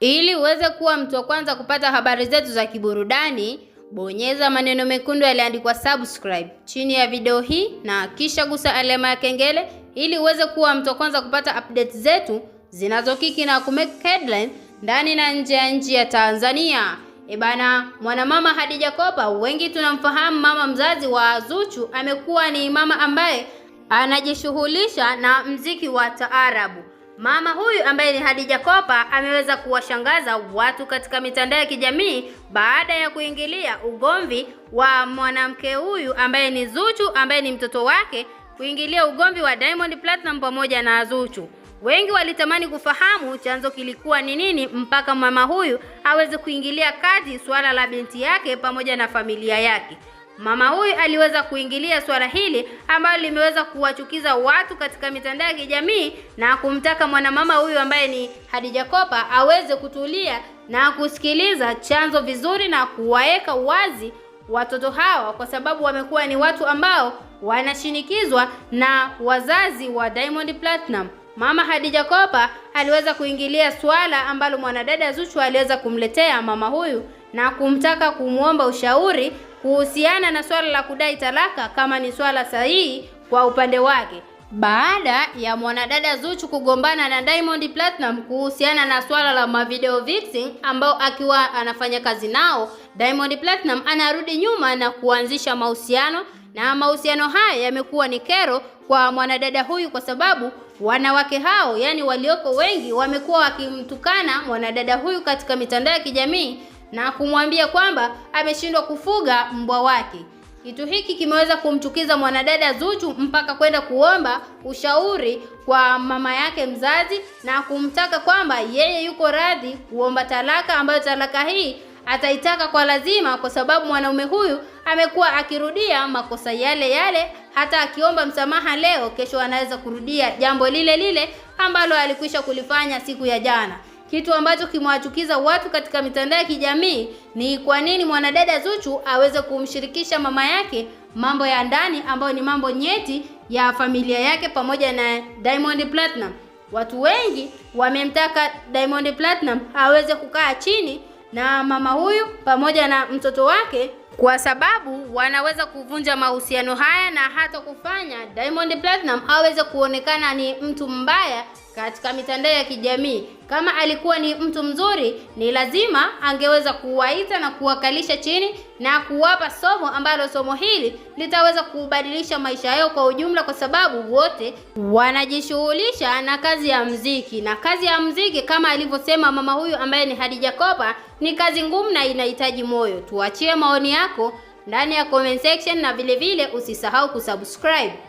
Ili uweze kuwa mtu wa kwanza kupata habari zetu za kiburudani, bonyeza maneno mekundu yaliyoandikwa subscribe chini ya video hii na kisha gusa alama ya kengele ili uweze kuwa mtu wa kwanza kupata update zetu zinazokiki na kumake headline ndani na nje ya nchi ya Tanzania. E bana, mwanamama Khadija Kopa, wengi tunamfahamu mama mzazi wa Zuchu, amekuwa ni mama ambaye anajishughulisha na mziki wa taarabu. Mama huyu ambaye ni hadija Kopa ameweza kuwashangaza watu katika mitandao ya kijamii baada ya kuingilia ugomvi wa mwanamke huyu ambaye ni Zuchu ambaye ni mtoto wake kuingilia ugomvi wa Diamond Platinum pamoja na Zuchu. Wengi walitamani kufahamu chanzo kilikuwa ni nini mpaka mama huyu aweze kuingilia kati suala la binti yake pamoja na familia yake. Mama huyu aliweza kuingilia suala hili ambalo limeweza kuwachukiza watu katika mitandao ya kijamii na kumtaka mwanamama huyu ambaye ni Hadija Kopa aweze kutulia na kusikiliza chanzo vizuri na kuwaweka wazi watoto hawa kwa sababu wamekuwa ni watu ambao wanashinikizwa na wazazi wa Diamond Platinum. Mama hadija Kopa aliweza kuingilia swala ambalo mwanadada Zuchu aliweza kumletea mama huyu na kumtaka kumwomba ushauri kuhusiana na swala la kudai talaka kama ni swala sahihi kwa upande wake. Baada ya mwanadada Zuchu kugombana na Diamond Platinum kuhusiana na swala la mavideo vixen ambao akiwa anafanya kazi nao, Diamond Platinum anarudi nyuma na kuanzisha mahusiano na mahusiano haya yamekuwa ni kero kwa mwanadada huyu kwa sababu wanawake hao, yaani walioko wengi, wamekuwa wakimtukana mwanadada huyu katika mitandao ya kijamii na kumwambia kwamba ameshindwa kufuga mbwa wake. Kitu hiki kimeweza kumchukiza mwanadada Zuchu mpaka kwenda kuomba ushauri kwa mama yake mzazi na kumtaka kwamba yeye yuko radhi kuomba talaka, ambayo talaka hii ataitaka kwa lazima, kwa sababu mwanaume huyu amekuwa akirudia makosa yale yale. Hata akiomba msamaha leo, kesho anaweza kurudia jambo lile lile ambalo alikwisha kulifanya siku ya jana. Kitu ambacho kimewachukiza watu katika mitandao ya kijamii ni kwa nini mwanadada Zuchu aweze kumshirikisha mama yake mambo ya ndani ambayo ni mambo nyeti ya familia yake pamoja na Diamond Platinum. Watu wengi wamemtaka Diamond Platinum aweze kukaa chini na mama huyu pamoja na mtoto wake kwa sababu wanaweza kuvunja mahusiano haya na hata kufanya Diamond Platinum aweze kuonekana ni mtu mbaya katika mitandao ya kijamii. Kama alikuwa ni mtu mzuri, ni lazima angeweza kuwaita na kuwakalisha chini na kuwapa somo ambalo somo hili litaweza kubadilisha maisha yao kwa ujumla, kwa sababu wote wanajishughulisha na kazi ya mziki, na kazi ya mziki kama alivyosema mama huyu ambaye ni Hadija Kopa ni kazi ngumu na inahitaji moyo. Tuachie maoni yako ndani ya comment section, na vilevile usisahau kusubscribe.